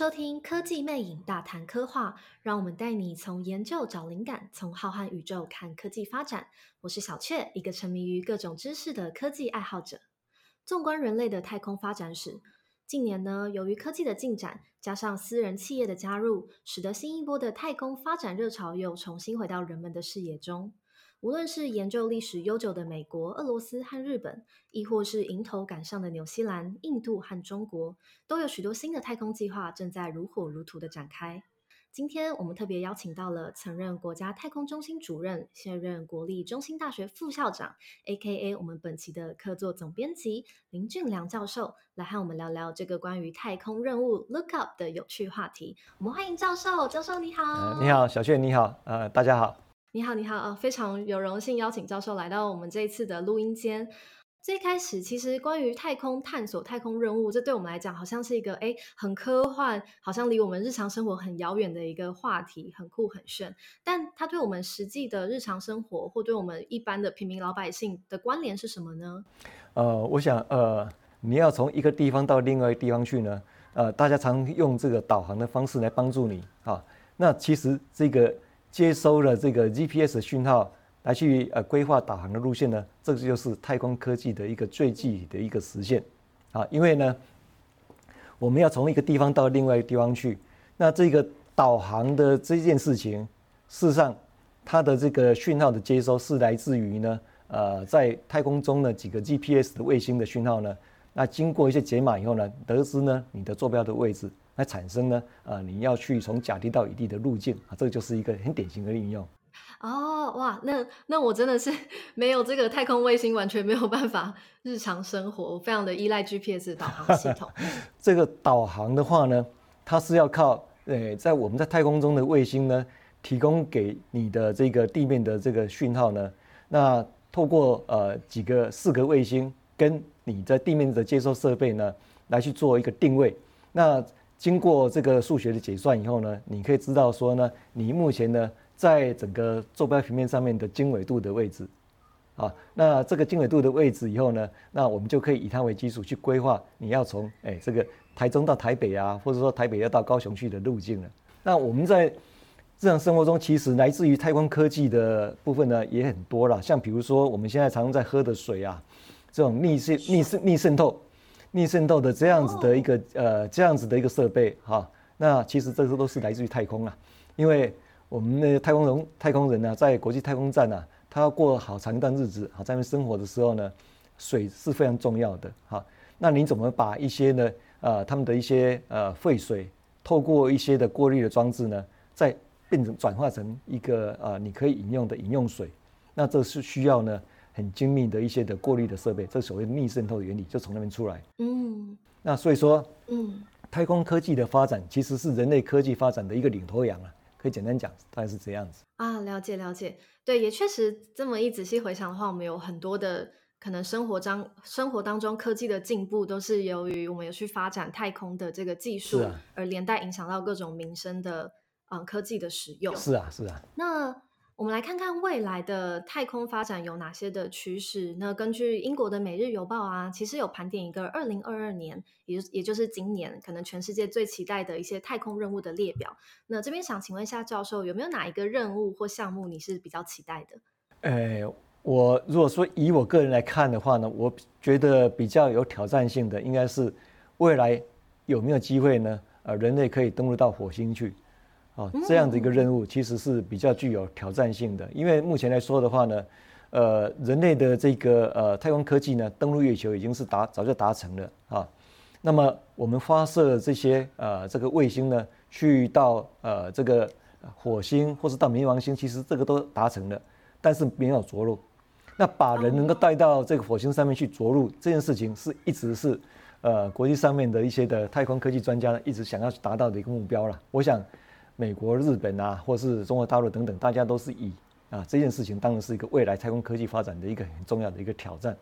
收聽科技魅癮，大談科幻，讓我們帶你從研究找靈感，從浩瀚宇宙看科技發展。我是小雀，一個沉迷於各種知識的科技愛好者。縱觀人類的太空發展史，近年呢，由於科技的進展，加上私人企業的加入，使得新一波的太空發展熱潮又重新回到人們的視野中。無論是研究歷史悠久的美國、俄羅斯和日本，亦或是迎頭趕上的紐西蘭、印度和中國，都有許多新的太空計劃正在如火如荼的展開。今天我們特別邀請到了曾任國家太空中心主任、現任國立中興大學副校長 A.K.A. 我們本期的客座總編輯林俊良教授，來和我們聊聊這個關於太空任務 Look Up 的有趣話題。我們歡迎教授。教授你好，呃，你好，小雀你好，呃，大家好。你好，你好啊！非常有榮幸邀請教授來到我們這一次的錄音間。最開始，其實關於太空探索、太空任務，這對我們來講好像是一個誒，很科幻，好像離我們日常生活很遙遠的一個話題，很酷很炫。但它對我們實際的日常生活，或對我們一般的平民老百姓的關聯是什麼呢？呃，我想，呃，你要從一個地方到另外一個地方去呢，呃，大家常用這個導航的方式來幫助你啊。那其實這個。接收了這個 GPS 訊號來去呃規劃導航的路線呢，這個就是太空科技的一個最具體的一個實現啊。因為呢，我們要從一個地方到另外一個地方去，那這個導航的這件事情，事實上它的這個訊號的接收是來自於呢呃在太空中的幾個 GPS 的衛星的訊號呢，那經過一些解碼以後呢，得知呢你的坐標的位置。來產生呢，呃，你要去從甲地到乙地的路徑啊，這個就是一個很典型的應用。哦、oh, wow，哇，那那我真的是沒有這個太空衛星，完全沒有辦法日常生活，我非常的依賴 GPS 導航系統。 這個導航的話呢，它是要靠呃、欸，在我們在太空中的衛星呢，提供給你的這個地面的這個訊號呢，那透過呃幾個四個衛星跟你在地面的接收設備呢，來去做一個定位。那經過這個數學的解算以後呢，你可以知道說呢，你目前呢，在整個坐標平面上面的經緯度的位置，啊，那這個經緯度的位置以後呢，那我們就可以以它為基礎去規劃你要從哎這個台中到台北啊，或者說台北要到高雄去的路徑了。那我們在日常生活中其實來自於太空科技的部分呢，也很多了，像比如說我們現在常在喝的水啊，這種逆滲是逆滲逆滲透。逆滲透的這樣子的一個呃，這樣子的一個設備哈、啊，那其實這些都是來自於太空啊，因為我們那個太空人太空人呢、啊，在國際太空站呢、啊，他要過好長一段日子，好在他們生活的時候呢，水是非常重要的哈、啊。那你怎麼把一些呢，呃，他們的一些呃廢水，透過一些的過濾的裝置呢，再變成轉化成一個呃你可以飲用的飲用水，那這是需要呢。很精密的一些的過濾的設備，這所謂逆滲透原理就從那邊出來。嗯，那所以說，嗯，太空科技的發展其實是人類科技發展的一個領頭羊啊，可以簡單講，大概是這樣子啊。了解了解，對，也確實這麼一仔細回想的話，我們有很多的可能生活當生活當中科技的進步，都是由於我們有去發展太空的這個技術，而連帶影響到各種民生的、呃、科技的使用。是啊是啊，是啊那。我們來看看未來的太空發展有哪些的趨勢呢？那根據英國的《每日郵報》啊，其實有盤點一個二零二二年，也也就是今年可能全世界最期待的一些太空任務的列表。那這邊想請問一下教授，有沒有哪一個任務或項目你是比較期待的？呃，我如果說以我個人來看的話呢，我覺得比較有挑戰性的應該是未來有沒有機會呢？呃，人類可以登陸到火星去。啊、哦，這樣的一個任務其實是比較具有挑戰性的，因為目前來說的話呢，呃，人類的這個呃太空科技呢，登陸月球已經是達早就達成了啊。那麼我們發射這些呃這個衛星呢，去到呃這個火星或是到冥王星，其實這個都達成了，但是沒有着陸。那把人能夠帶到這個火星上面去着陸這件事情，是一直是呃國際上面的一些的太空科技專家呢一直想要去達到的一個目標了。我想，美國、日本啊，或是中國大陸等等，大家都是以啊這件事情，當然是一個未來太空科技發展的一個很重要的一個挑戰。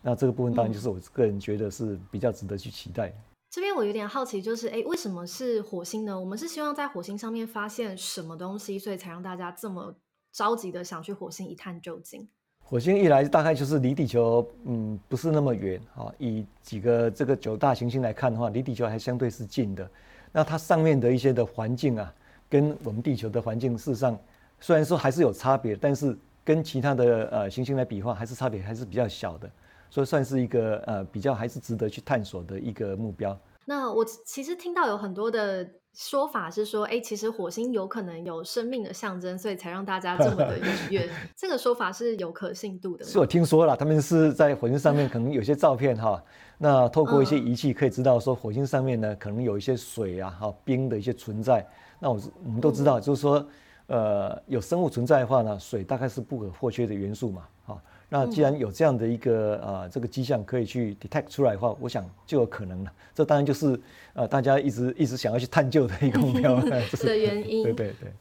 那這個部分當然就是我個人覺得是比較值得去期待，嗯。這邊我有點好奇，就是誒，為什麼是火星呢？我們是希望在火星上面發現什麼東西，所以才讓大家這麼着急的想去火星一探究竟？火星一來大概就是離地球嗯，不是那麼遠啊，哦，以幾個這個九大行星來看的話，離地球還相對是近的。那它上面的一些的環境啊，跟我們地球的環境事實上，雖然說還是有差別，但是跟其他的呃行星來比的話，還是差別還是比較小的，所以算是一個呃比較還是值得去探索的一個目標。那我其實聽到有很多的說法是說，誒，其實火星有可能有生命的象徵，所以才讓大家這麼的愉悅 這個說法是有可信度的。是我聽說了，他們是在火星上面可能有些照片哈， 那透過一些儀器可以知道說，火星上面呢可能有一些水啊、哈冰的一些存在。那我我們都知道，嗯、就是說，呃，有生物存在的話呢，水大概是不可或缺的元素嘛。好、啊，那既然有這樣的一個呃這個跡象可以去 detect 出來的話，我想就有可能了。這當然就是呃，大家一直一直想要去探究的一個目標的原因。對對 對，對對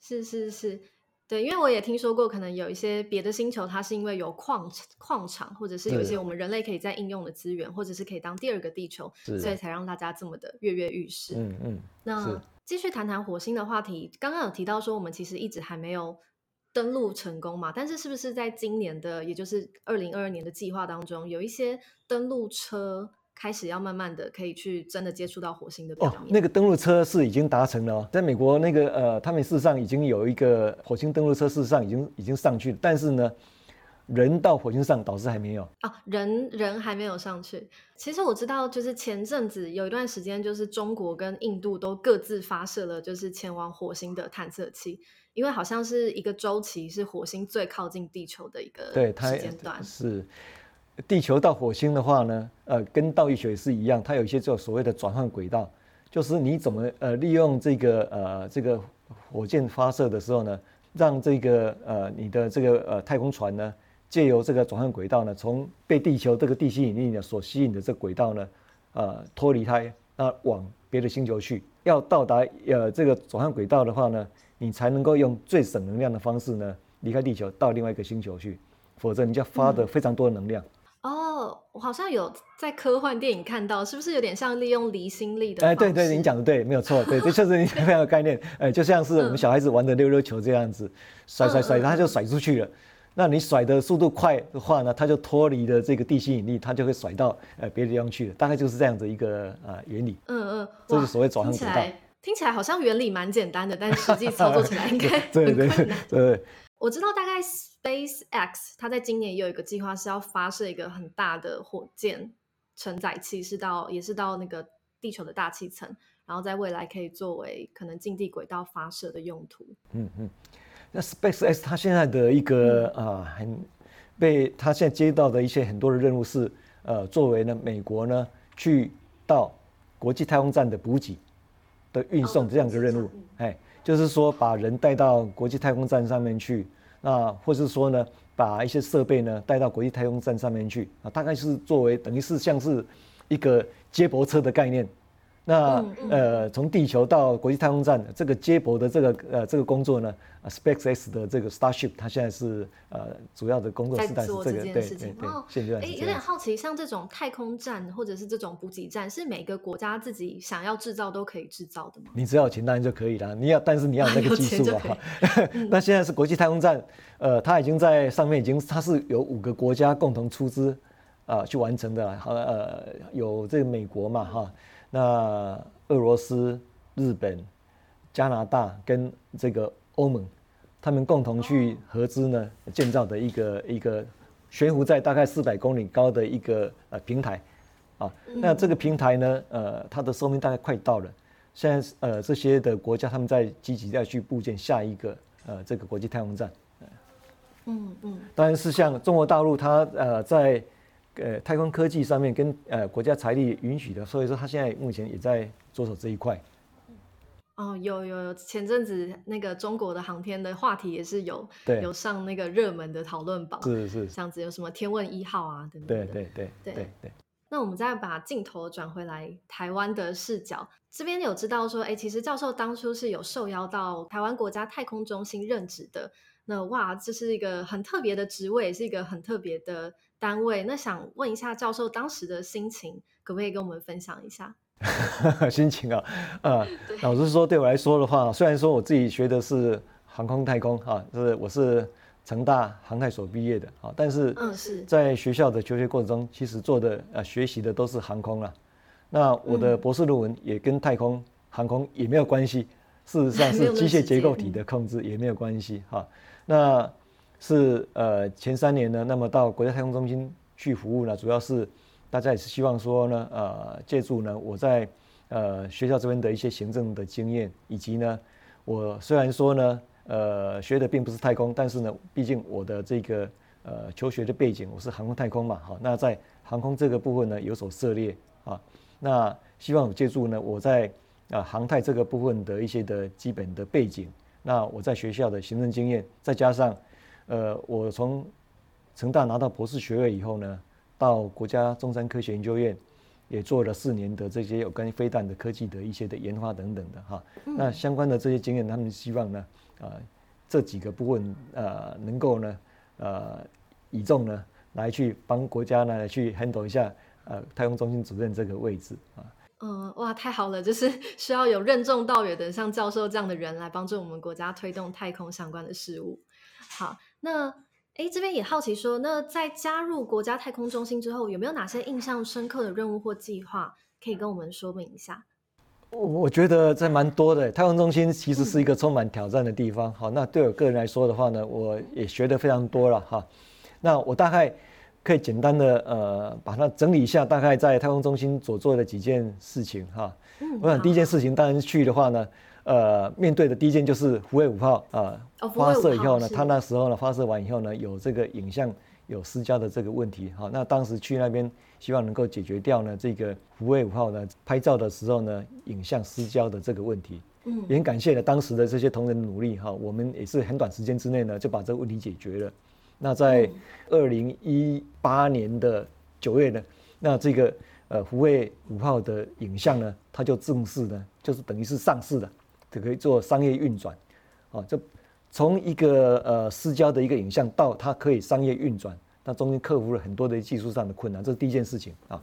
是是是，對，因為我也聽說過，可能有一些別的星球，它是因為有礦礦場，或者是有一些我們人類可以在應用的資源，或者是可以當第二個地球，是所以才讓大家這麼的躍躍欲試。嗯嗯，嗯那。繼續談談火星的話題，剛剛有提到說我們其實一直還沒有登陸成功嘛，但是是不是在今年的，也就是二零二二年的計劃當中，有一些登陸車開始要慢慢的可以去真的接觸到火星的表面？哦，那個登陸車是已經達成了哦，在美國那個呃，他們事實上已經有一個火星登陸車，事實上已經已經上去了，但是呢。人到火星上，倒是還沒有啊？人人還沒有上去。其實我知道，就是前陣子有一段時間，就是中國跟印度都各自發射了，就是前往火星的探測器。因為好像是一個周期，是火星最靠近地球的一個時間段。對它呃、是地球到火星的話呢，呃，跟到月球也是一樣，它有一些就所謂的轉換軌道，就是你怎麼呃利用這個呃這個火箭發射的時候呢，讓這個呃你的這個呃太空船呢？借由這個轉換軌道呢，從被地球這個地心引力呢所吸引的這軌道呢，呃，脫離它，那往別的星球去。要到達呃這個轉換軌道的話呢，你才能夠用最省能量的方式呢離開地球到另外一個星球去，否則你就要發的非常多的能量。哦、嗯，oh, 我好像有在科幻電影看到，是不是有點像利用離心力的？哎、欸，對，對對，你講的對，沒有錯，對，確實你非常有概念。哎 對、欸，就像是我們小孩子玩的溜溜球這樣子，嗯，甩，甩甩甩，它就甩出去了。嗯。那你甩的速度快的話呢，它就脫離了這個地心引力，它就會甩到呃別的地方去了，大概就是這樣的一個原理。嗯嗯，這、嗯、是所謂轉。聽起來聽起來好像原理蠻簡單的，但實際操作起來應該很困難。對對對。對對對，我知道大概 SpaceX 它在今年也有一個計劃是要發射一個很大的火箭承載器，是到也是到那個地球的大氣層，然後在未來可以作為可能近地軌道發射的用途。嗯嗯。嗯那 SpaceX 它現在的一個啊，很被它現在接到的一些很多的任務是，呃，作為呢美國呢去到國際太空站的補給的運送這樣一個任務，哦、哎，就是說把人帶到國際太空站上面去，啊，或是說呢把一些設備呢帶到國際太空站上面去啊，大概是作為等於是像是一個接駁車的概念。那、嗯嗯、呃，從地球到國際太空站這個接駁的這個呃這個工作呢 SpaceX 的這個 Starship 它現在是呃主要的工作是在做這件事情。這個、對哎後，有點好奇，像這種太空站或者是這種補給站，是每個國家自己想要制造都可以制造的嗎？你只要有錢當然就可以了，你要但是你要有那個技術啊。那、 嗯嗯、現在是國際太空站，呃，它已經在上面已經，它是有五個國家共同出資呃，去完成的啦，和呃有這個美國嘛哈。那俄羅斯、日本、加拿大跟這個歐盟，他們共同去合資呢，建造的一個一個懸浮在大概四百公里高的一個呃平台，啊，那這個平台呢，呃，它的壽命大概快到了，現在呃這些的國家他們在積極要去布建下一個呃這個國際太空站，嗯嗯，當然是像中國大陸它呃在。呃，太空科技上面跟呃國家財力允許的，所以說他現在目前也在着手這一塊。哦，有有有，前陣子那個中國的航天的話題也是有對有上那個熱門的討論榜，是是這樣子，像有什麼天問一號啊等等對。對對對對對。對對對，那我們再把鏡頭轉回來台灣的視角，這邊有知道說，哎、欸，其實教授當初是有受邀到台灣國家太空中心任職的。那哇，這是一個很特別的職位，是一個很特別的。單位，那想問一下教授當時的心情，可不可以跟我們分享一下？ 心情啊，嗯、啊，對老實說，對我來說的話，雖然說我自己學的是航空太空哈，就、啊、是我是成大航太所畢業的啊，但是嗯是在學校的求學過程中，嗯、其實做的呃、啊、學習的都是航空啊。那我的博士論文也跟太空、嗯、航空也沒有關係，事實上是機械結構體的控制，也沒有關係哈、啊。那是呃，前三年呢，那麼到國家太空中心去服務呢，主要是大家也是希望說呢，呃，借助呢我在呃學校這邊的一些行政的經驗，以及呢，我雖然說呢，呃，學的並不是太空，但是呢，畢竟我的這個呃求學的背景我是航空太空嘛，好，那在航空這個部分呢有所涉獵啊，那希望我借助呢我在呃航太這個部分的一些的基本的背景，那我在學校的行政經驗，再加上。呃，我從成大拿到博士學位以後呢，到國家中山科學研究院也做了四年的這些有關飛彈的科技的一些的研發等等的哈。嗯、那相關的這些經驗，他們希望呢，呃、這幾個部分呃能夠呢，呃，倚重呢，來去幫國家呢，去 handle 一下呃，太空中心主任這個位置啊。嗯、呃，哇，太好了，就是需要有任重道遠的像教授這樣的人來幫助我們國家推動太空相關的事物，好。那哎，這邊也好奇說，那在加入國家太空中心之後，有沒有哪些印象深刻的任務或計劃可以跟我們說明一下？我我覺得這蠻多的。太空中心其實是一個充滿挑戰的地方。嗯、好，那對我個人來說的話呢，我也學的非常多了哈。那我大概，可以簡單的呃把它整理一下，大概在太空中心所做的幾件事情哈。嗯、我想第一件事情，當然是去的話呢，呃，面對的第一件就是福衛五號啊，呃哦、發射以後呢，他那時候呢是發射完以後呢，有這個影像有失焦的這個問題。哈，那當時去那邊希望能夠解決掉呢這個福衛五號呢拍照的時候呢影像失焦的這個問題。嗯，也很感謝呢當時的這些同仁的努力哈，我們也是很短時間之內呢就把這個問題解決了。那在二零一八年的九月呢，嗯、那這個呃，福衛五號的影像呢，它就正式的，就是等於是上市了，就可以做商業運轉，啊，就從一個呃私交的一個影像到它可以商業運轉，那中間克服了很多的技術上的困難，這是第一件事情啊。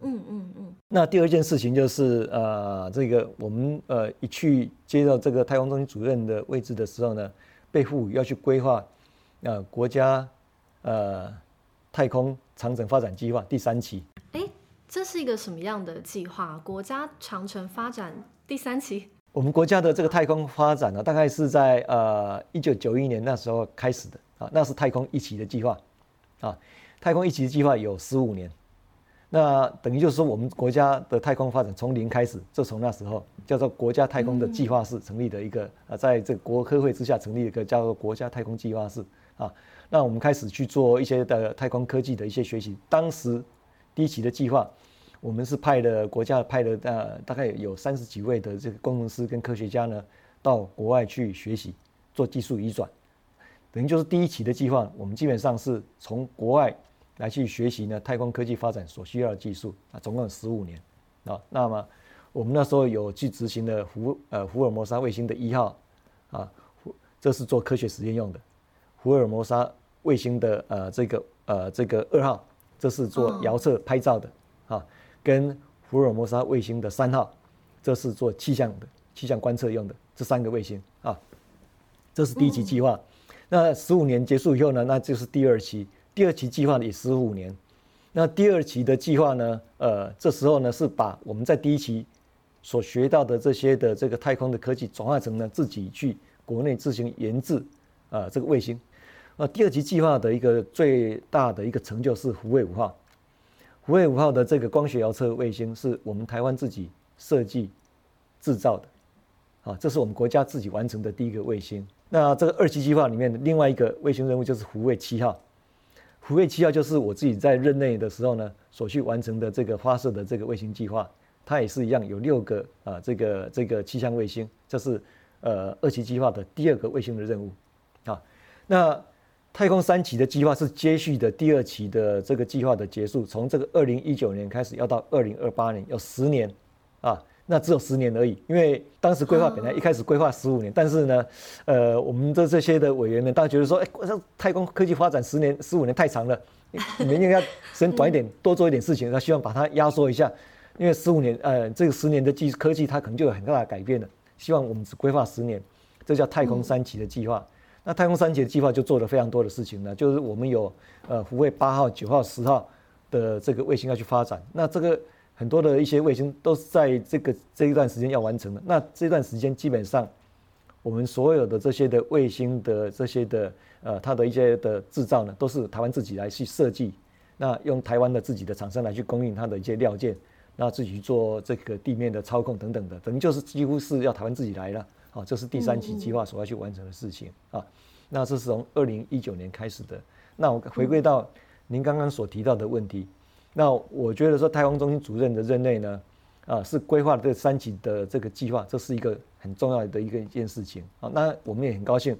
嗯嗯嗯。嗯嗯那第二件事情就是呃，這個我們呃一去接到這個太空中心主任的位置的時候呢，被賦予要去規劃。呃，國家，呃，太空長城發展計劃第三期。誒，這是一個什麼樣的計劃？國家長城發展第三期。我們國家的這個太空發展呢、啊，大概是在呃一九九一年那時候開始的啊，那是太空一期的計劃，啊，太空一期的計劃有十五年。那等於就是說，我們國家的太空發展從零開始，就從那時候叫做國家太空的計劃室成立的一個啊，嗯、在這個國科會之下成立一個叫做國家太空計劃室。啊，那我們開始去做一些的太空科技的一些學習。當時，第一期的計劃，我們是派的國家派的，呃，大概有三十幾位的這個工程師跟科學家呢，到國外去學習，做技術移轉。等於就是第一期的計劃，我們基本上是從國外來去學習呢，太空科技發展所需要的技術啊，總共有十五年啊。那麼，我們那時候有去執行的福呃，福爾摩沙衛星的一號啊，這是做科學實驗用的。福爾摩沙衛星的呃，這個呃，這個二號，這是做遙測拍照的啊，跟福爾摩沙衛星的三號，這是做氣象的氣象觀測用的。這三個衛星啊，這是第一期計劃。嗯、那十五年結束以後呢，那就是第二期。第二期計劃也十五年。那第二期的計劃呢，呃，這時候呢是把我們在第一期所學到的這些的這個太空的科技，轉化成呢自己去國內自行研製啊、呃、這個衛星。那第二期計劃的一個最大的一個成就是“福衛五號”，“福衛五號”的這個光學遙測衛星是我們台灣自己設計製造的，啊，這是我們國家自己完成的第一個衛星。那這個二期計劃裡面的另外一個衛星任務就是“福衛七號”，“福衛七號”就是我自己在任內的時候呢所去完成的這個發射的這個衛星計劃，它也是一樣有六個啊，這個這個氣象衛星，這是呃二期計劃的第二個衛星的任務，啊，那。太空三期的計劃是接續的第二期的這個計劃的結束，從這個二零一九年開始，要到二零二八年，有十年，啊，那只有十年而已。因為當時規劃本來一開始規劃十五年，但是呢，呃，我們的這些的委員們，大家覺得說，哎，這太空科技發展十年、十五年太長了，你們應該時間短一點，多做一點事情。他希望把它壓縮一下，因為十五年，呃，這個十年的技科技，它可能就有很大的改變了。希望我們只規劃十年，這叫太空三期的計劃。那太空三傑計劃就做了非常多的事情呢，就是我們有呃福衛八號、九號、十號的這個衛星要去發展，那這個很多的一些衛星都是在這個這一段時間要完成的。那這段時間基本上，我們所有的這些的衛星的這些的呃它的一些的製造呢，都是台灣自己來去設計，那用台灣的自己的廠商來去供應它的一些料件，然後自己做這個地面的操控等等的，等於就是幾乎是要台灣自己來了。好，這是第三期計劃所要去完成的事情啊。那這是從二零一九年開始的。那我回歸到您剛剛所提到的問題，那我覺得說太空中心主任的任內呢，啊，是規劃這三期的這個計劃，這是一個很重要的一個一件事情啊。那我們也很高興，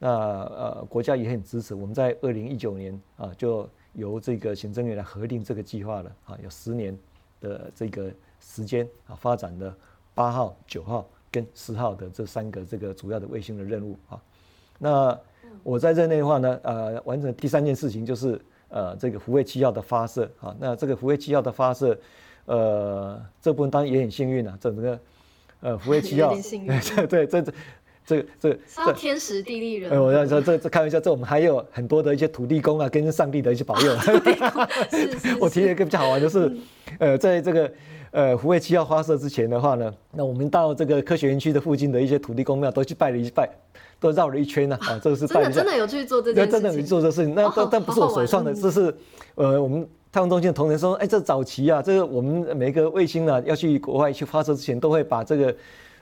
那呃，國家也很支持。我們在二零一九年啊，就由這個行政院來核定這個計劃了啊，有十年的這個時間啊，發展的八號、九號。跟十號的這三個這個主要的衛星的任務啊，那我在任內的話呢，呃，完成第三件事情就是呃，這個福衛七號的發射啊，那這個福衛七號的發射，呃，這部分當然也很幸運啊，整個呃福衛七號對、嗯、對這這這這天時地利人，嗯、我要說這這開玩笑，這我們還有很多的一些土地公啊，跟上帝的一些保佑、哦，是是是，我提一個比較好玩的是，呃，在這個。呃，福衛七號發射之前的話呢，那我們到這個科學園區的附近的一些土地公廟都去拜了一拜，都繞了一圈呢。啊，啊這個是拜的，真的有去做這件事，真的有去做這個事情。哦，那但但不是我首創的，哦，好好這是呃，我們太空中心的同仁說，哎、欸，這早期啊，這個我們每一個衛星啊，要去國外去發射之前，都會把這個。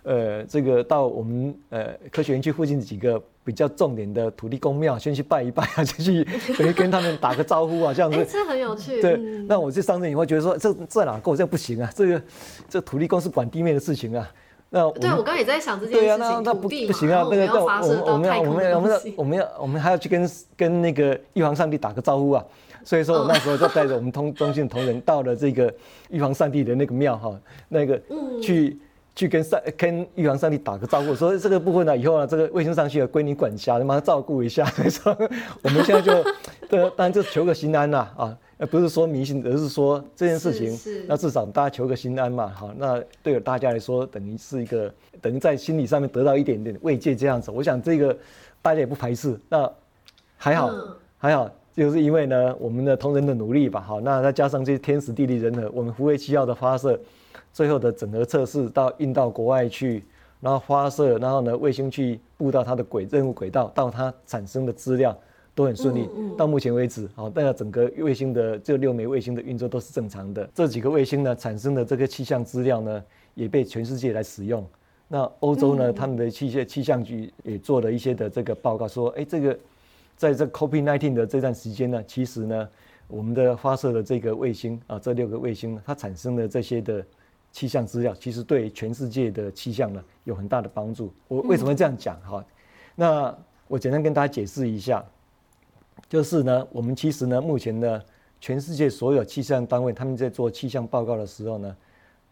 呃，這個到我們呃科學園區附近幾個比較重點的土地公廟，先去拜一拜啊，先去可以跟他們打個招呼啊，這樣子、欸，這很有趣。對，嗯、那我去上任以後，覺得說、欸、這在哪夠，這個、不行啊，這個這土地公是管地面的事情啊。那我對我剛也在想這件事情。對啊，那不不行啊，對對對，我們我們要我們要我們要我們還要去跟跟那個玉皇上帝打個招呼啊。所以說我那時候就帶着我們同中心同仁到了這個玉皇上帝的那個廟哈，那個去。去跟上， 跟玉皇上帝打個招呼，說這個部分呢、啊，以後呢、啊，這個衛星上去要歸你管轄，你把它照顧一下。所以說我們現在就 對，當然就求個心安啦啊，啊不是說迷信，而是說這件事情，是是那至少大家求個心安嘛，好，那對於大家來說，等於是一個等於在心理上面得到一點點慰藉，這樣子。我想這個大家也不排斥。那還好、嗯、還好，就是因為呢我們的同仁的努力吧，好，那再加上這些天時地利人和，我們福衛七號的發射。最後的整合測試到運到國外去，然後發射，然後呢，衛星去布到它的軌任務軌道，到它產生的資料都很順利。嗯嗯到目前為止，好、哦，大家整個衛星的這六枚衛星的運作都是正常的。這幾個衛星呢產生的這個氣象資料呢，也被全世界來使用。那歐洲呢，嗯嗯他們的氣象氣象局也做了一些的這個報告，說，哎、欸，這個在這 COVID-19 的這段時間呢，其實呢，我們的發射的這個衛星啊，這六個衛星它產生的這些的。氣象資料其實對全世界的氣象呢有很大的幫助。我為什麼這樣講哈？嗯。那我簡單跟大家解釋一下，就是呢，我們其實呢，目前呢，全世界所有氣象單位他們在做氣象報告的時候呢，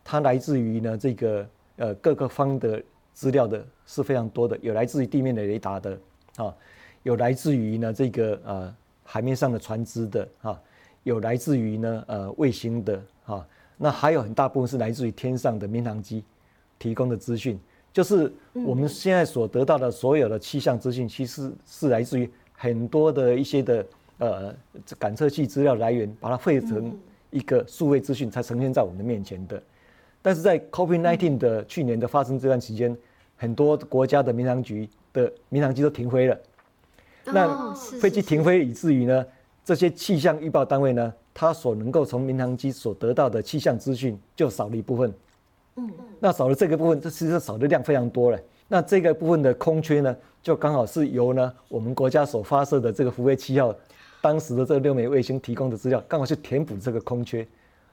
它來自於呢這個呃各個方的資料的是非常多的，有來自於地面的雷達的啊，有來自於呢這個呃海面上的船隻的啊，有來自於呢呃衛星的。那還有很大部分是來自於天上的民航機提供的資訊，就是我們現在所得到的所有的氣象資訊，其實是來自於很多的一些的呃感測器資料來源，把它匯成一個數位資訊才呈現在我們的面前的。但是在 COVID-19 的去年的發生這段期間，很多國家的民航局的民航機都停飛了，那飛機停飛以至於呢，這些氣象預報單位呢，它所能夠從民航機所得到的氣象資訊就少了一部分，嗯，嗯，那少了這個部分，這其實少的量非常多了。那這個部分的空缺呢，就剛好是由呢我們國家所發射的這個福衛七號當時的這個六枚衛星提供的資料，剛好去填補這個空缺，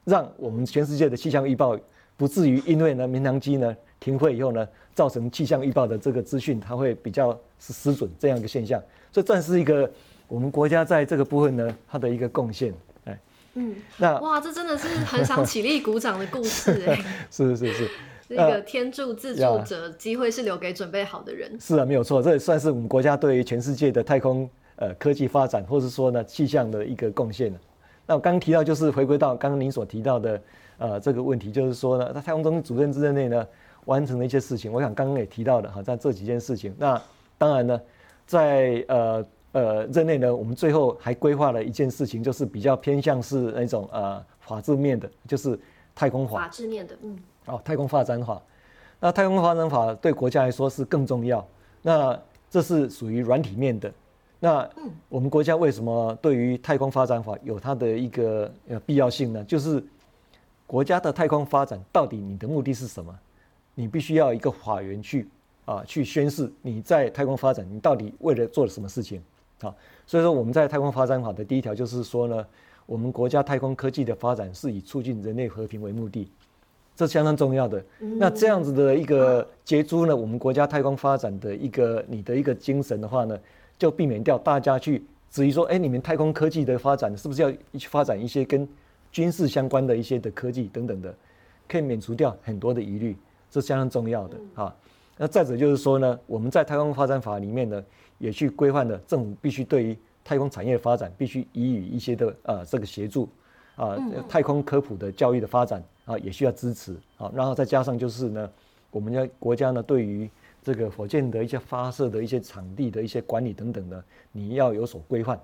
讓我們全世界的氣象預報不至於因為呢民航機呢停飛以後呢，造成氣象預報的這個資訊它會比較是失準這樣一個現象。所以算是一個我們國家在這個部分呢它的一個貢獻。嗯，那哇，這真的是很想起立鼓掌的故事哎！ 是是是那 個天助自助者，機、呃、會是留給準備好的人。是啊，沒有錯，這也算是我們國家對於全世界的太空呃科技發展，或是說呢氣象的一個貢獻。那我剛剛提到，就是回歸到剛剛您所提到的呃這個問題，就是說呢，在太空中心主任之任內呢完成了一些事情。我想剛剛也提到的哈、啊，在這幾件事情，那當然呢，在呃。呃，任內呢，我們最後還規劃了一件事情，就是比較偏向是那種呃法制面的，就是太空法。法制面的，嗯。哦，太空發展法，那太空發展法對國家來說是更重要。那這是屬於軟體面的。那我們國家為什麼對於太空發展法有它的一個必要性呢？就是國家的太空發展到底你的目的是什麼？你必須要一個法源去啊、呃，去宣示你在太空發展，你到底為了做了什麼事情。好，所以說我們在太空發展法的第一條就是說呢，我們國家太空科技的發展是以促進人類和平為目的，這是相當重要的、mm。Hmm. 那這樣子的一個結出呢，我們國家太空發展的一個你的一個精神的話呢，就避免掉大家去質疑說，哎，你們太空科技的發展是不是要一起發展一些跟軍事相關的一些的科技等等的，可以免除掉很多的疑慮，這是相當重要的啊、mm。Hmm. 那再者就是說呢，我們在太空發展法裡面呢，也去規範了政府必須對於太空產業的發展必須予以一些的呃、啊、這個協助，啊，太空科普的教育的發展啊也需要支持啊。然後再加上就是呢，我們家國家呢對於這個火箭的一些發射的一些場地的一些管理等等呢，你要有所規範。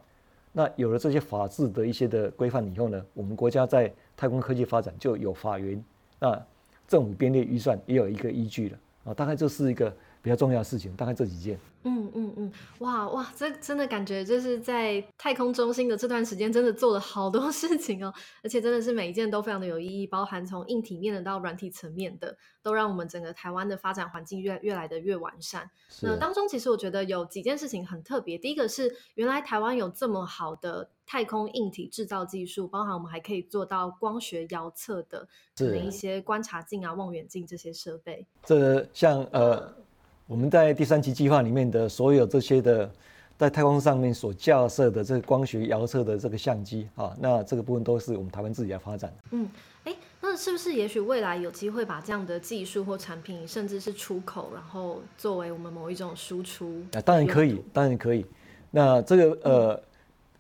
那有了這些法制的一些的規範以後呢，我們國家在太空科技發展就有法源，那政府編列預算也有一個依據了。啊，大概就是一個比較重要的事情，大概這幾件。嗯嗯嗯，哇哇，這真的感覺就是在太空中心的這段時間，真的做了好多事情哦，而且真的是每一件都非常的有意義，包含從硬體面的到軟體層面的，都讓我們整個台灣的發展環境越來越來的越完善。是啊、那當中其實我覺得有幾件事情很特別，第一個是原來台灣有這麼好的太空硬體製造技術，包含我們還可以做到光學遙測的，是啊、可能一些觀察鏡啊、望遠鏡這些設備。這像呃。我們在第三期計劃裡面的所有這些的，在太空上面所架設的這個光學遙測的這個相機啊，那這個部分都是我們台灣自己來發展的。嗯，誒，那是不是也許未來有機會把這樣的技術或產品，甚至是出口，然後作為我們某一種輸出？啊，當然可以，當然可以。那這個呃，嗯、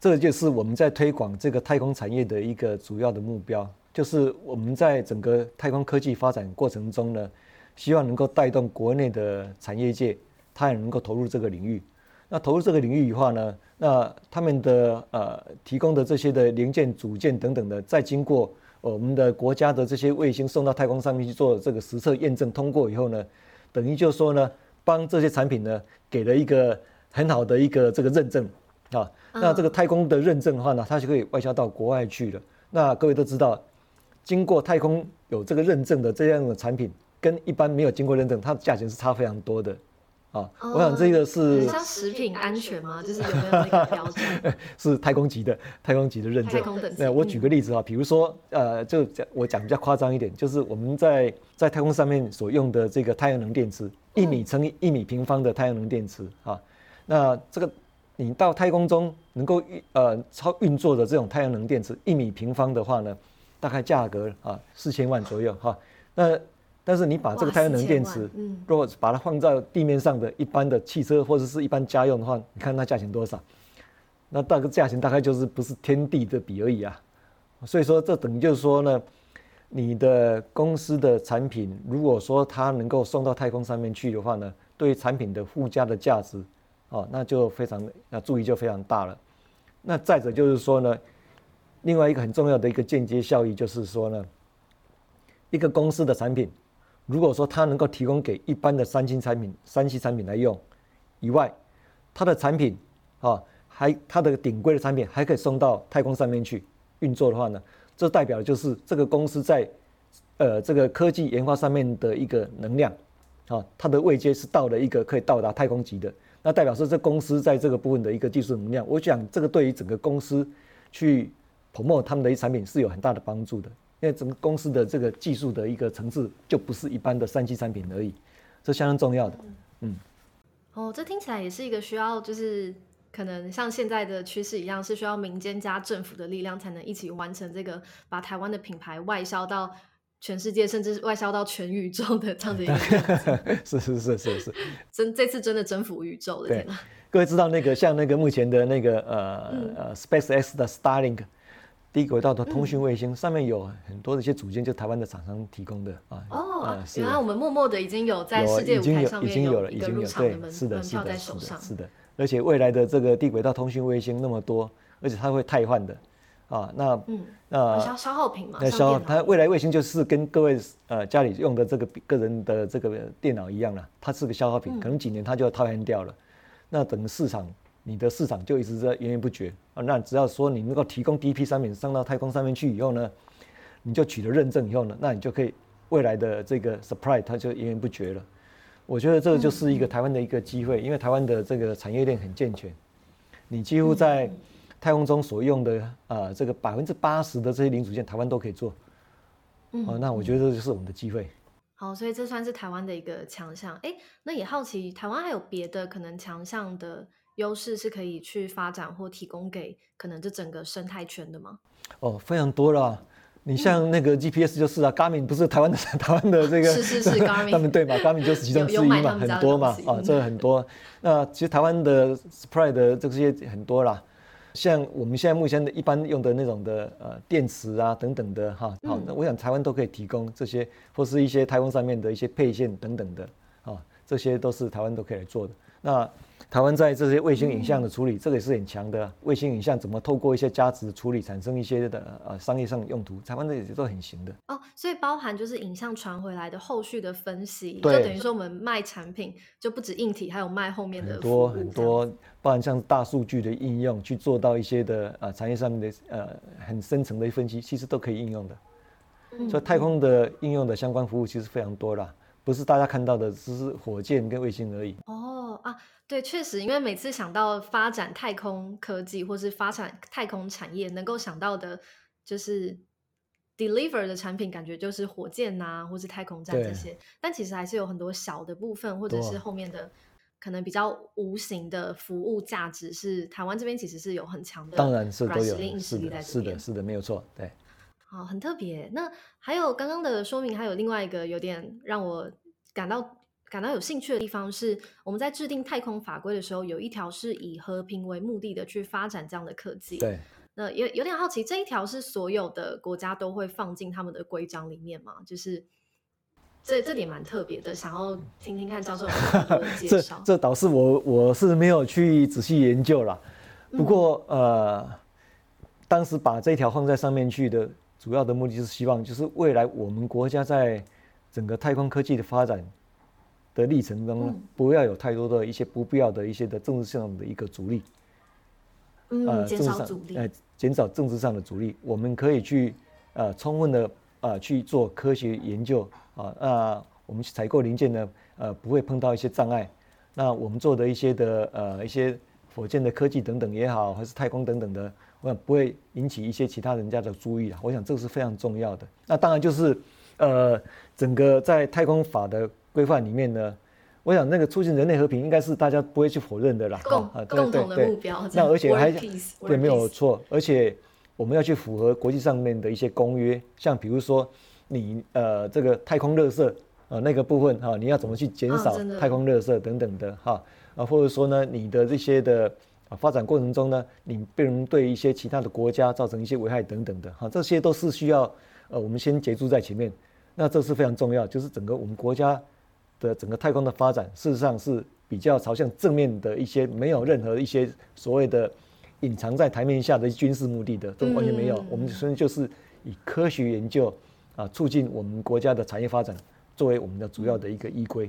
這個就是我們在推廣這個太空產業的一個主要的目標，就是我們在整個太空科技發展過程中呢，希望能夠帶動國內的產業界，他也能夠投入這個領域。那投入這個領域以後呢，那他們的呃提供的這些的零件、組件等等的，再經過我們的國家的這些衛星送到太空上面去做這個實測驗證，通過以後呢，等於就說呢，幫這些產品呢給了一個很好的一個這個認證啊。那這個太空的認證的話呢，它就可以外銷到國外去了。那各位都知道，經過太空有這個認證的這樣的產品。跟一般沒有經過認證，它的價錢是差非常多的，啊、嗯，我想這個是像食品安全嗎？就是有沒有那個標準？ 是太空級的，太空級的認證。太空等級。對，我舉個例子啊，比如說，呃，就我講比較誇張一點，就是我們在在太空上面所用的這個太陽能電池，一、嗯、米乘以一米平方的太陽能電池啊，那這個你到太空中能夠運呃超運作的這種太陽能電池，一米平方的話呢，大概價格啊四千萬左右哈、啊，那。但是你把這個太陽能電池，嗯，如果把它放在地面上的一般的汽車或者是一般家用的話，你看它價錢多少？那大概價錢大概就是不是天地的比而已啊。所以說，這等於就是說呢，你的公司的產品如果說它能夠送到太空上面去的話呢，對於產品的附加的價值，哦，那就非常那注意就非常大了。那再者就是說呢，另外一個很重要的一個間接效益就是說呢，一個公司的產品。如果說它能夠提供給一般的三星產品、三系產品來用，以外，它的產品，啊，還它的頂規的產品還可以送到太空上面去運作的話呢，這代表就是這個公司在，呃，這個科技研發上面的一個能量，啊，它的位階是到了一個可以到達太空級的，那代表說這公司在這個部分的一個技術能量，我想這個對於整個公司去 promote 他們的一些產品是有很大的幫助的。因為整個公司的這個技術的一個層次就不是一般的三 G 產品而已，這相當重要的。嗯。哦，這聽起來也是一個需要，就是可能像現在的趨勢一樣，是需要民間加政府的力量才能一起完成這個，把台灣的品牌外銷到全世界，甚至外銷到全宇宙的這樣的一個子。 是是是是是，真。真，這次真的征服宇宙了。對。嗎各位知道那個像那個目前的那個呃呃 Space X 的 Starlink，嗯。低軌道的通訊衛星上面有很多的一些組件，就台灣的廠商提供的啊。哦，原來我們默默的已經有在世界舞台上有已經有了，已經有了。對，是的，是的，是的。而且未來的這個低軌道通訊衛星那麼多，而且它會汰換的啊。那那消耗品嘛，那消耗它未來衛星就是跟各位呃家裡用的這個個人的這個電腦一樣了，它是個消耗品，可能幾年它就要汰換掉了。那等市場。你的市場就一直在源源不絕啊！那只要說你能夠提供第一批商品上到太空上面去以後呢，你就取得認證以後呢，那你就可以未來的這個 supply 它就源源不絕了。我覺得這個就是一個台灣的一個機會，嗯、因為台灣的這個產業鏈很健全，你幾乎在太空中所用的、嗯、呃這個百分之八十的這些零組件，台灣都可以做。哦、嗯啊，那我覺得這就是我們的機會。好，所以這算是台灣的一個強項。哎，那也好奇台灣還有別的可能強項的，優勢是可以去發展或提供給可能這整個生態圈的嗎？哦，非常多了。你像那個 GPS 就是啊，Garmin 不是台灣的，台灣的這個，是是是 Garmin 對嘛，Garmin 就是其中之一嘛，很多嘛啊，這很多。 那其實台灣的 Spray 的這些很多啦。像我們現在目前的一般用的那種的呃電池啊等等的哈，嗯、好，那我想台灣都可以提供這些或是一些台灣上面的一些配件等等的。這些都是台灣都可以來做的。那台灣在這些衛星影像的處理，嗯、這個也是很強的、啊。衛星影像怎麼透過一些加值處理，產生一些的呃商業上的用途，台灣這也是很行的。哦，所以包含就是影像傳回來的後續的分析，對就等於說我們賣產品就不止硬體，還有賣後面的很多很多，包含像大數據的應用，去做到一些的呃產業上面的呃很深層的分析，其實都可以應用的。嗯、所以太空的應用的相關服務其實非常多啦。不是大家看到的，只是火箭跟衛星而已。哦、oh, 啊，對，確實，因為每次想到發展太空科技或是發展太空產業，能夠想到的就是 deliver 的產品，感覺就是火箭吶、啊，或是太空站這些。對但其實還是有很多小的部分，或者是後面的可能比較無形的服務價值，是，是台灣這邊其實是有很強的。當然是都有，軟實力、硬實力在。是的，是的，沒有錯，對。哦，很特別。那還有剛剛的說明，還有另外一個有點讓我感到感到有興趣的地方是，我們在制定太空法規的時候，有一條是以和平為目的的去發展這樣的科技。對。那有有點好奇，這一條是所有的國家都會放進他們的規章裡面嗎？就是這這點蠻特別的，想要聽聽看教授有沒有介紹。 這倒是我我是沒有去仔細研究啦。不過、嗯、呃，當時把這一條放在上面去的。主要的目的就是希望，就是未來我們國家在整個太空科技的發展的歷程中，不要有太多的一些不必要的、一些的政治上的一個阻力，嗯、呃，減少阻力、呃，減少政治上的阻力。我們可以去，呃，充分的，呃，去做科學研究，啊，那、呃、我們採購零件呢，呃，不會碰到一些障礙。那我們做的一些的，呃，一些火箭的科技等等也好，還是太空等等的。想不會引起一些其他人家的注意啦。我想這個是非常重要的。那當然就是，呃，整個在太空法的規範裡面呢，我想那個促進人類和平應該是大家不會去否認的啦。共、啊、對對共同的目標。對就是、那而且還 World 對沒有錯，而且我們要去符合國際上面的一些公約，像比如說你呃這個太空垃圾啊、呃、那個部分哈、啊，你要怎麼去減少太空垃圾等等的哈、哦、啊，或者說呢你的這些的。發展過程中呢，你被人對一些其他的國家造成一些危害等等的，哈，這些都是需要呃我們先截住在前面，那這是非常重要，就是整個我們國家的整個太空的發展，事實上是比較朝向正面的一些，沒有任何一些所謂的隱藏在台面下的軍事目的的，這完全沒有，我們純粹就是以科學研究啊、呃，促進我們國家的產業發展作為我們的主要的一個依歸。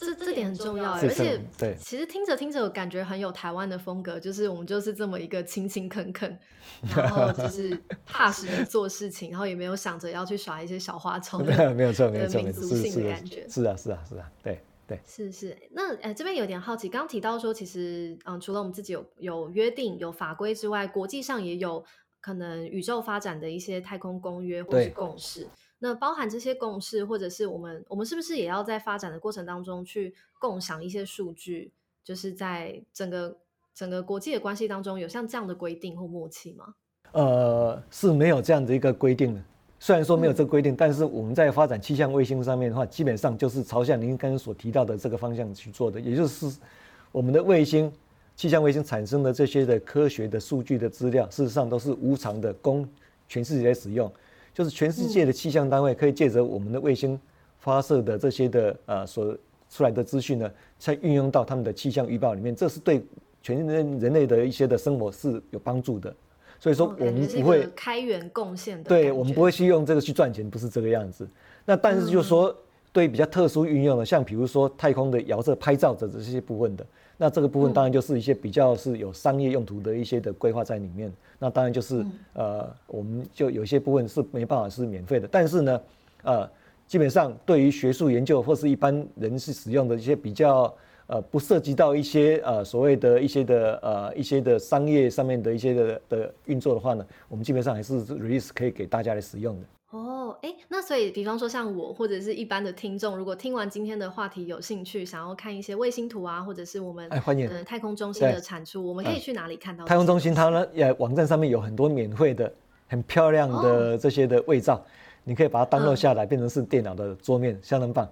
這這點很重要，而且其實聽着聽着感覺很有台灣的風格，是是就是我們就是這麼一個勤勤懇懇， 然後就是踏實地做事情， 然後也沒有想着要去耍一些小花招，沒有沒有沒有民族性的感覺是，是，是，是啊是啊是啊，對對是是。那哎、呃、這邊有點好奇，剛，剛提到說其實嗯除了我們自己有有約定有法規之外，國際上也有可能宇宙發展的一些太空公約或是共識。對那包含這些共識，或者是我們，我們是不是也要在發展的過程當中去共享一些數據？就是在整個整個國際的關係當中，有像這樣的規定或默契嗎？呃，是沒有這樣的一個規定的。雖然說沒有這個規定，嗯、但是我們在發展氣象衛星上面的話，基本上就是朝向您剛才所提到的這個方向去做的。也就是我們的衛星氣象衛星產生的這些的科學的數據的資料，事實上都是無償的，供全世界在使用。就是全世界的氣象單位可以借着我們的衛星發射的這些的呃所出來的資訊呢，才運用到他們的氣象預報裡面。這是對全人人類的一些的生活是有幫助的。所以說我們不會開源貢獻，對我們不會去用這個去賺錢，不是這個樣子。那但是就是說。對比較特殊運用的，像比如說太空的遙測、拍照的這些部分的，那這個部分當然就是一些比較是有商業用途的一些的規劃在裡面。那當然就是呃，我們就有些部分是沒辦法是免費的。但是呢，呃，基本上對於學術研究或是一般人士使用的一些比較呃不涉及到一些呃所謂的一些的呃一些的商業上面的一些的的運作的話呢，我們基本上還是 release 可以給大家來使用的。哦，哎、oh,，那所以，比方說像我或者是一般的聽眾，如果聽完今天的話題有興趣，想要看一些衛星圖啊，或者是我們哎歡迎、呃、太空中心的產出，對我們可以去哪裡看到、啊？太空中心它呢，也網站上面有很多免費的、很漂亮的這些的衛照。Oh, 你可以把它 download 下來，uh, 變成是電腦的桌面，相當棒。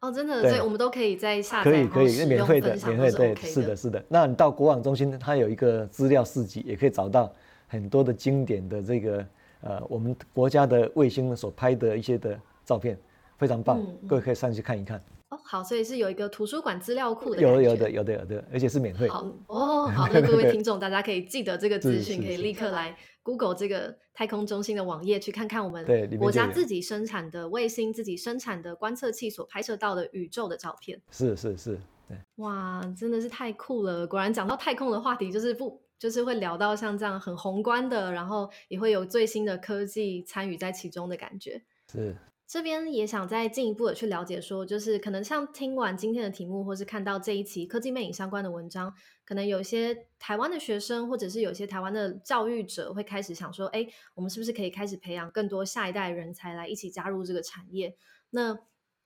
哦，oh, 真的，對所以我們都可以在下載可以可以免費的，OK、的免費對，是的是的。那你到國網中心，它有一個資料市集，也可以找到很多的經典的這個。呃，我們國家的衛星所拍的一些的照片非常棒，嗯、各位可以上去看一看。哦，好，所以是有一個圖書館資料庫的。有的，有的，有的，有的，而且是免費。好哦，好，那各位聽眾大家可以記得這個資訊，可以立刻來 Google 這個太空中心的網頁對去看看我們國家自己生產的衛星、自己生產的觀測器所拍攝到的宇宙的照片。是是是，對。哇，真的是太酷了！果然講到太空的話題就是不。就是會聊到像這樣很宏觀的，然後也會有最新的科技參與在其中的感覺。是，這邊也想再進一步的去了解說，說就是可能像聽完今天的題目，或是看到這一期科技魅癮相關的文章，可能有些台灣的學生，或者是有些台灣的教育者，會開始想說，哎，我們是不是可以開始培養更多下一代人才來一起加入這個產業？那。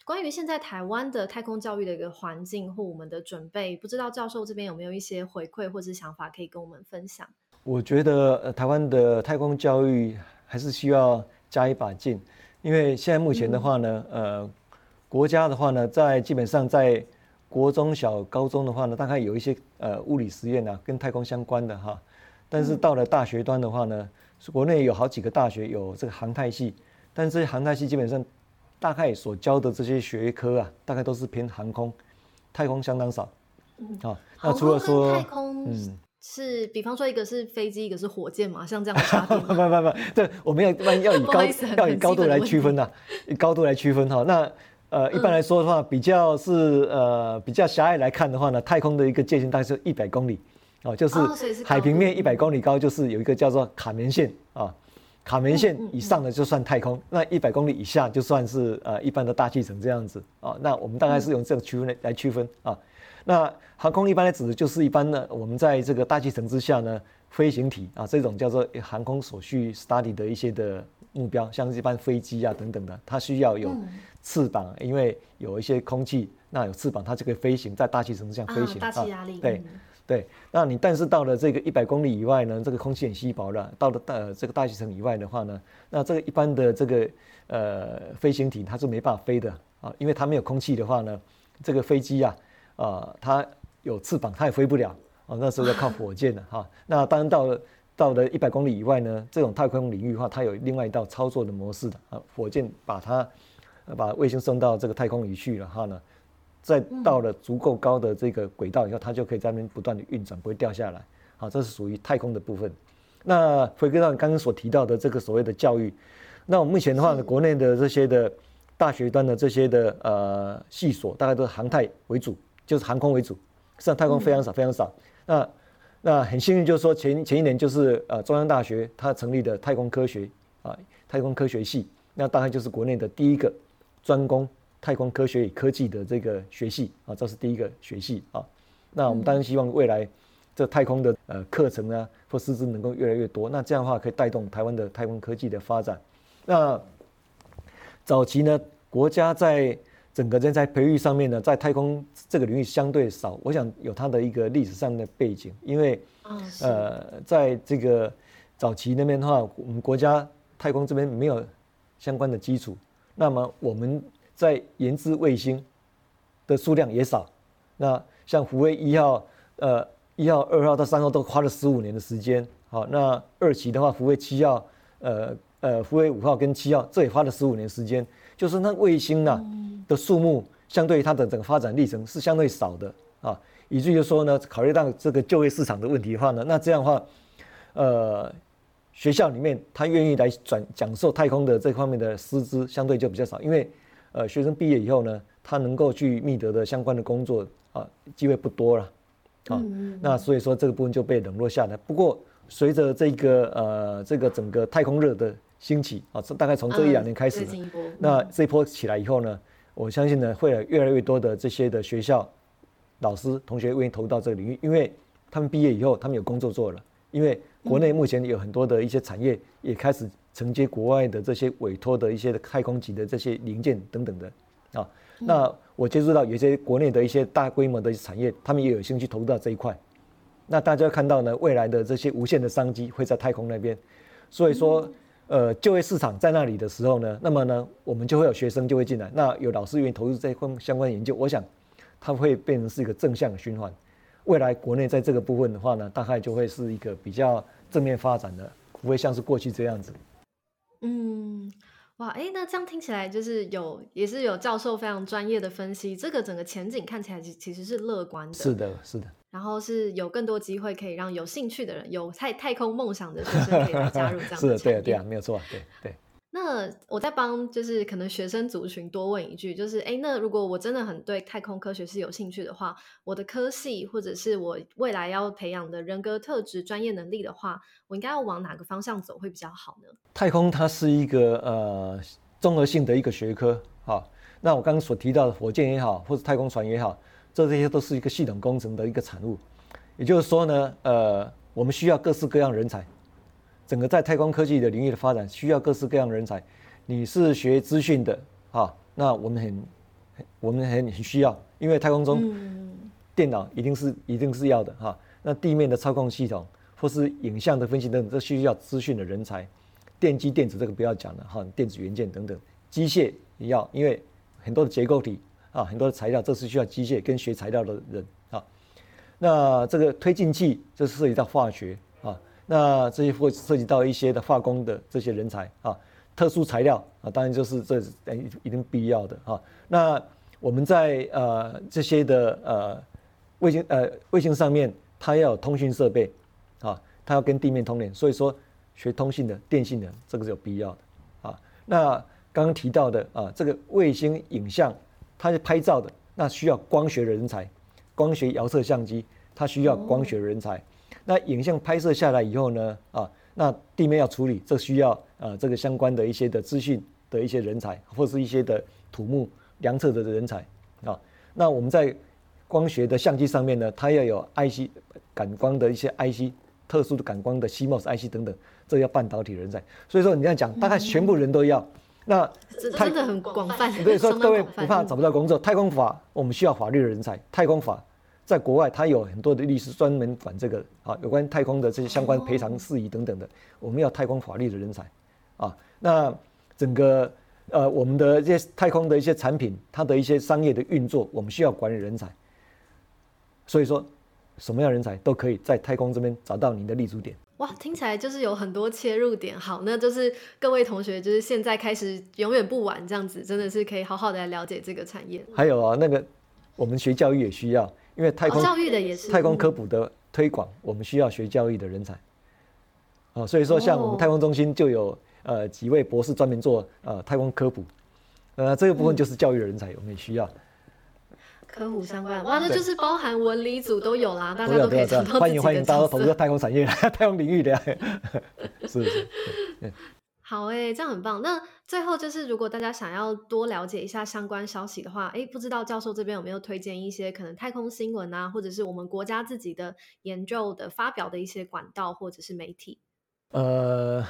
關於現在台灣的太空教育的一個環境或我們的準備，不知道教授這邊有沒有一些回饋或者是想法可以跟我們分享？我覺得、呃、台灣的太空教育還是需要加一把勁，因為現在目前的話呢，嗯、呃，國家的話呢，在基本上在國中小、高中的話呢，大概有一些呃物理實驗呢、啊、跟太空相關的哈，但是到了大學端的話呢，嗯、國內有好幾個大學有這個航太系，但是這些航太系基本上。大概所教的這些學科啊，大概都是偏航空，太空相當少。嗯，好、哦，那除了說空太空，嗯，是比方說一個是飛機，一個是火箭嘛，像這樣不不不，對，我們要一般要以高要以高度來區分吶，啊啊，以高度來區分哈、啊。那呃、嗯、一般來說的話，比較是呃比較狹隘來看的話呢，太空的一個界限大概是一百公里，哦，就是海平面一百公里高，就是有一個叫做卡門線啊。哦卡門線以上的就算太空，嗯嗯嗯、那一百公里以下就算是呃一般的大氣層這樣子啊。那我們大概是用這個區分來區分、嗯、啊。那航空一般來指的就是一般呢，我們在這個大氣層之下呢，飛行體啊，這種叫做航空所需 study 的一些的目標，像一般飛機啊等等的，它需要有翅膀，嗯、因為有一些空氣，那有翅膀它就可以飛行，在大氣層之下飛行啊，大氣壓力對。對，那你但是到了這個一百公里以外呢，這個空氣很稀薄了。到了大、呃、這個大氣層以外的話呢，那這個一般的這個呃飛行體它是沒辦法飛的啊，因為它沒有空氣的話呢，這個飛機啊啊它有翅膀它也飛不了啊，那時候要靠火箭的哈、啊。那當然到了到了一百公里以外呢，這種太空領域的話，它有另外一道操作的模式的啊，火箭把它把衛星送到這個太空裡去了哈。呢、啊。再到了足夠高的這個軌道以後，它就可以在那邊不斷的運轉，不會掉下來。好，這是屬於太空的部分。那回歸到你剛剛所提到的這個所謂的教育，那我們目前的話呢，國內的這些的大學端的這些的呃系所，大概都是航太為主，就是航空為主，實際上太空非常少，非常少。那那很幸運，就是說前前一年就是呃中央大學它成立的太空科學啊太空科學系，那大概就是國內的第一個專攻。太空科學與科技的這個學系啊，這是第一個學系啊。那我們當然希望未來這太空的呃課程呢，或師資能夠越來越多。那這樣的話可以帶動台灣的太空科技的發展。那早期呢，國家在整個人才培育上面呢，在太空這個領域相對少，我想有它的一個歷史上的背景。因為呃，在這個早期那邊的話，我們國家太空這邊沒有相關的基礎，那麼我們在研製衛星的數量也少，那像福衛一號、呃一號、二號到三號都花了十五年的時間。好、哦，那二期的話，福衛七號、呃呃福衛五號跟七號，這也花了十五年的時間。就是那衛星吶、啊、的數目，相對於它的整個發展歷程是相對少的啊，以至於說呢，考慮到這個就業市場的問題的話呢，那這樣的話，呃，學校裡面他願意來轉講授太空的這方面的師資相對就比較少，因為，呃，學生畢業以後呢，他能夠去覓得的相關的工作啊，機會不多了，啊，嗯嗯、那所以說這個部分就被冷落下來。不過隨着這個呃這個整個太空熱的興起啊，這大概從這一兩年開始，嗯、那這一波起來以後呢，我相信呢，會有越來越多的這些的學校老師同學願意投入到這個領域，因為他們畢業以後他們有工作做了，因為國內目前有很多的一些產業也開始。承接國外的這些委託的一些太空級的這些零件等等的，啊，那我接觸到有些國內的一些大規模的產業，他們也有興趣投入到這一塊。那大家看到呢，未來的這些無限的商機會在太空那邊，所以說，呃，就業市場在那裡的時候呢，那麼呢，我們就會有學生就會進來，那有老師願意投入這一塊相關研究，我想它會變成是一個正向循環。未來國內在這個部分的話呢，大概就會是一個比較正面發展的，不會像是過去這樣子。嗯，哇，誒、欸，那這樣聽起來就是有，也是有教授非常專業的分析，這個整個前景看起來其實是樂觀的。是的，是的。然後是有更多機會可以讓有興趣的人，有太太空夢想的學生可以來加入這樣。 是的，對啊，對啊，沒有錯，對對。那我再幫，就是可能學生族群多問一句，就是誒，那如果我真的很對太空科學是有興趣的話，我的科系，或者是我未來要培養的人格特質、專業能力的話，我應該要往哪個方向走會比較好呢？太空它是一個呃綜合性的一個學科。好，那我剛剛所提到的火箭也好，或者太空船也好，這這些都是一個系統工程的一個產物。也就是說呢，呃，我們需要各式各樣人才。整個在太空科技的領域的發展，需要各式各樣的人才。你是學資訊的啊，那我們很，我們很很，很需要，因為太空中電腦一定是一定是要的哈、啊。那地面的操控系統或是影像的分析等等，這需要資訊的人才。電機電子這個不要講了哈，電子元件等等，機械也要，因為很多的結構體啊，很多的材料，這是需要機械跟學材料的人啊。那這個推進器，這涉及到化學。那這些會涉及到一些的化工的這些人才啊，特殊材料啊，當然就是這、欸、一定必要的啊。那我們在呃這些的呃衛星呃衛星上面，它要有通訊設備，啊，它要跟地面通聯，所以說學通信的、電信的這個是有必要的啊。那剛剛提到的啊，這個衛星影像它是拍照的，那需要光學的人才，光學遙測相機它需要光學的人才。哦。那影像拍攝下來以後呢，啊，那地面要處理，這需要啊，這個相關的一些的資訊的一些人才，或是一些的土木量測的人才啊。那我們在光學的相機上面呢，它要有 IC 感光的一些 IC 特殊的感光的 CMOS IC 等等，這要半導體人才。所以說你這樣講，大概全部人都要。嗯、那太這真的很廣泛，對。所以說各位不怕找不到工作，嗯、太空法我們需要法律的人才，太空法。在國外，它有很多的律師專門管這個啊，有關太空的這些相關賠償事宜等等的。Oh. 我們要太空法律的人才，啊，那整個呃我們的這些太空的一些產品，它的一些商業的運作，我們需要管理人才。所以說，什麼樣人才都可以在太空這邊找到您的立足點。哇，聽起來就是有很多切入點。好，那就是各位同學，就是現在開始永遠不晚，這樣子真的是可以好好的來了解這個產業。嗯。還有啊，那個我們學教育也需要。因為太空、哦、教育的也是太空科普的推廣，嗯、我們需要學教育的人才、呃、所以說像我們太空中心就有呃幾位博士專門做呃太空科普，呃這個部分就是教育的人才、嗯、我們也需要。科普相關哇，那就是包含文理組都有啦，對大家都可以、啊啊、歡迎這樣歡迎大家投入太空產業、 太空領域的、啊 是。是。是好誒、欸，這樣很棒。那最後就是，如果大家想要多了解一下相關消息的話，哎，不知道教授這邊有沒有推薦一些可能太空新聞啊，或者是我們國家自己的研究的發表的一些管道或者是媒體？呃，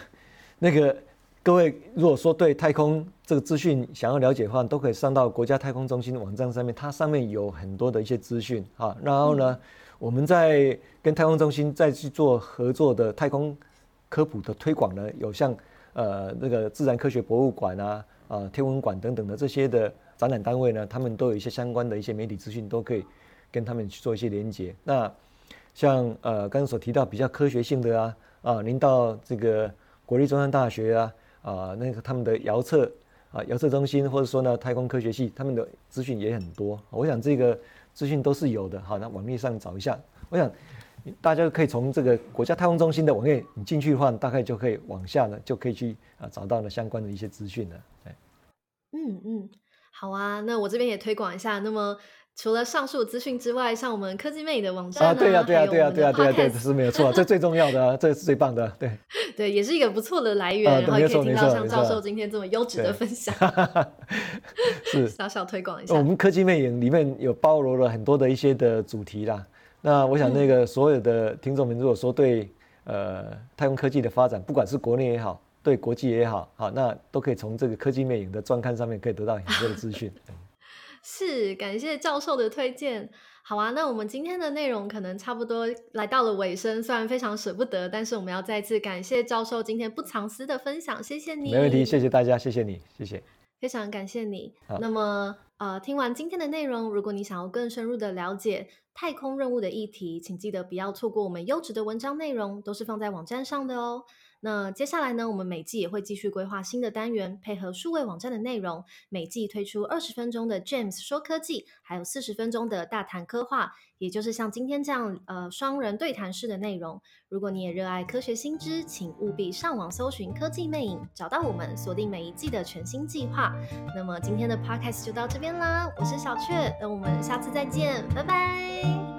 那個各位，如果說對太空這個資訊想要了解的話，都可以上到國家太空中心的網站上面，它上面有很多的一些資訊哈，然後呢，嗯、我們在跟太空中心再去做合作的太空科普的推廣呢，有像。呃，那個自然科學博物館啊，啊、呃，天文館等等的這些的展覽單位呢，他們都有一些相關的一些媒體資訊，都可以跟他們去做一些連接。那像呃，剛剛所提到比較科學性的啊，啊、呃，您到這個國立中央大學啊，啊、呃，那個他們的遙測啊，遙測中心，或者說呢，太空科學系，他們的資訊也很多。我想這個資訊都是有的，好，那網頁上找一下，我想。大家可以從這個國家太空中心的網頁，你進去的話，大概就可以往下呢，就可以去啊找到了相關的一些資訊了。嗯嗯，好啊，那我這邊也推廣一下。那麼除了上述資訊之外，像我們科技魅癮的網站啊，啊對呀、啊、對呀、啊、對呀、啊、對呀、啊、對呀、啊對，啊、對，這是沒有錯， 這最重要的、啊，這是最棒的，對。對，也是一個不錯的來源，啊、然後也可以聽到像教授今天這麼優質的分享。對 是，小小推廣一下。我們科技魅癮裡面有包羅了很多的一些的主題啦。那我想，那個所有的聽眾們，如果說對、嗯、呃，太空科技的發展，不管是國內也好，對國際也好，好，那都可以從這個《科技魅癮》的專刊上面可以得到很多的資訊。 嗯、是，感謝教授的推薦。好啊，那我們今天的內容可能差不多來到了尾聲，雖然非常捨不得，但是我們要再次感謝教授今天不藏私的分享，謝謝你。沒問題，謝謝大家，謝謝你，謝謝。非常感謝你。好那麼，呃，聽完今天的內容，如果你想要更深入的了解，太空任務的議題，請記得不要錯過我們優質的文章內容，都是放在網站上的哦。那接下來呢，我們每季也會繼續規劃新的單元，配合數位網站的內容，每季推出二十分鐘的 James 說科技，還有四十分鐘的大談科幻，也就是像今天這樣，呃，雙人對談式的內容。如果你也熱愛科學新知，請務必上網搜尋科技魅癮，找到我們，鎖定每一季的全新計劃。那麼今天的 Podcast 就到這邊啦，我是小雀，那我們下次再見，拜拜。